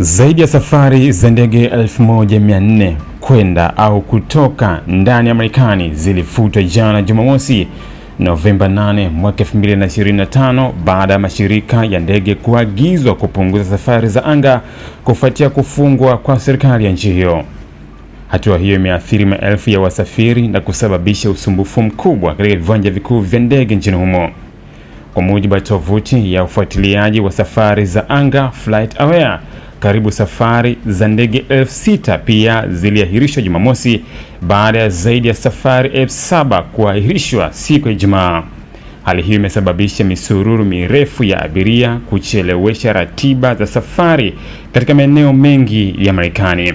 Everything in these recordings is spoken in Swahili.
Zaidi ya safari za ndege 1400 kwenda au kutoka ndani ya Marekani zilifutwa jana Jumamosi, Novemba 8 mwaka 2025 baada ya mashirika ya ndege kuagizwa kupunguza safari za anga kufuatia kufungwa kwa serikali ya nchi hiyo. Hatua hiyo imeathiri maelfu ya wasafiri na kusababisha usumbufu mkubwa katika viwanja vikuu vya ndege nchini humo. Kwa mujibu wa tovuti ya ufuatiliaji wa safari za anga FlightAware, karibu safari za ndege elfu sita pia ziliahirishwa Jumamosi baada ya zaidi ya safari elfu saba kuahirishwa siku ya Ijumaa. Hali hiyo imesababisha misururu mirefu ya abiria kuchelewesha ratiba za safari katika maeneo mengi ya Marekani.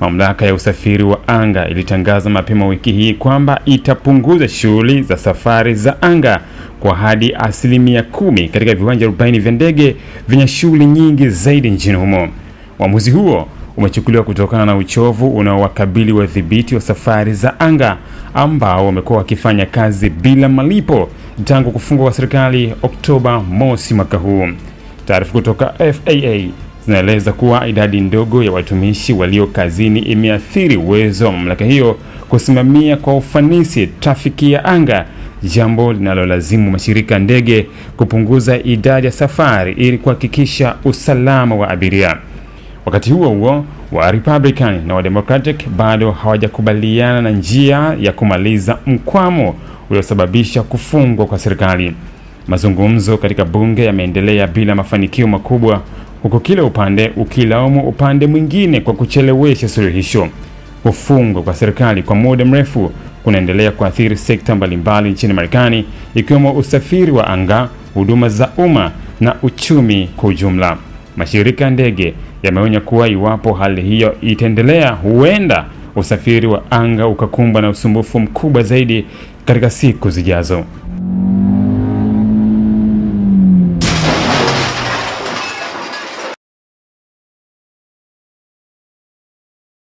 Mamlaka ya usafiri wa anga ilitangaza mapema wiki hii kwamba itapunguza shughuli za safari za anga kwa hadi asilimia kumi katika viwanja 40 vya ndege vyenye shughuli nyingi zaidi nchini humo. Uamuzi huo umechukuliwa kutokana na uchovu unaowakabili wadhibiti wa safari za anga ambao wamekuwa wakifanya kazi bila malipo tangu kufungwa kwa serikali Oktoba mosi mwaka huu. Taarifa kutoka FAA zinaeleza kuwa idadi ndogo ya watumishi walio kazini imeathiri uwezo wa mamlaka hiyo kusimamia kwa ufanisi trafiki ya anga jambo linalolazimu mashirika ndege kupunguza idadi ya safari ili kuhakikisha usalama wa abiria. Wakati huo huo, wa Republican na wa Democratic bado hawajakubaliana na njia ya kumaliza mkwamo uliosababisha kufungwa kwa serikali. Mazungumzo katika bunge yameendelea bila mafanikio makubwa, huku kila upande ukilaumu upande mwingine kwa kuchelewesha suluhisho. Kufungwa kwa serikali kwa muda mrefu kunaendelea kuathiri sekta mbalimbali nchini Marekani ikiwemo usafiri wa anga, huduma za umma na uchumi kwa ujumla. Mashirika ya ndege yameonya kuwa iwapo hali hiyo itaendelea, huenda usafiri wa anga ukakumbwa na usumbufu mkubwa zaidi katika siku zijazo.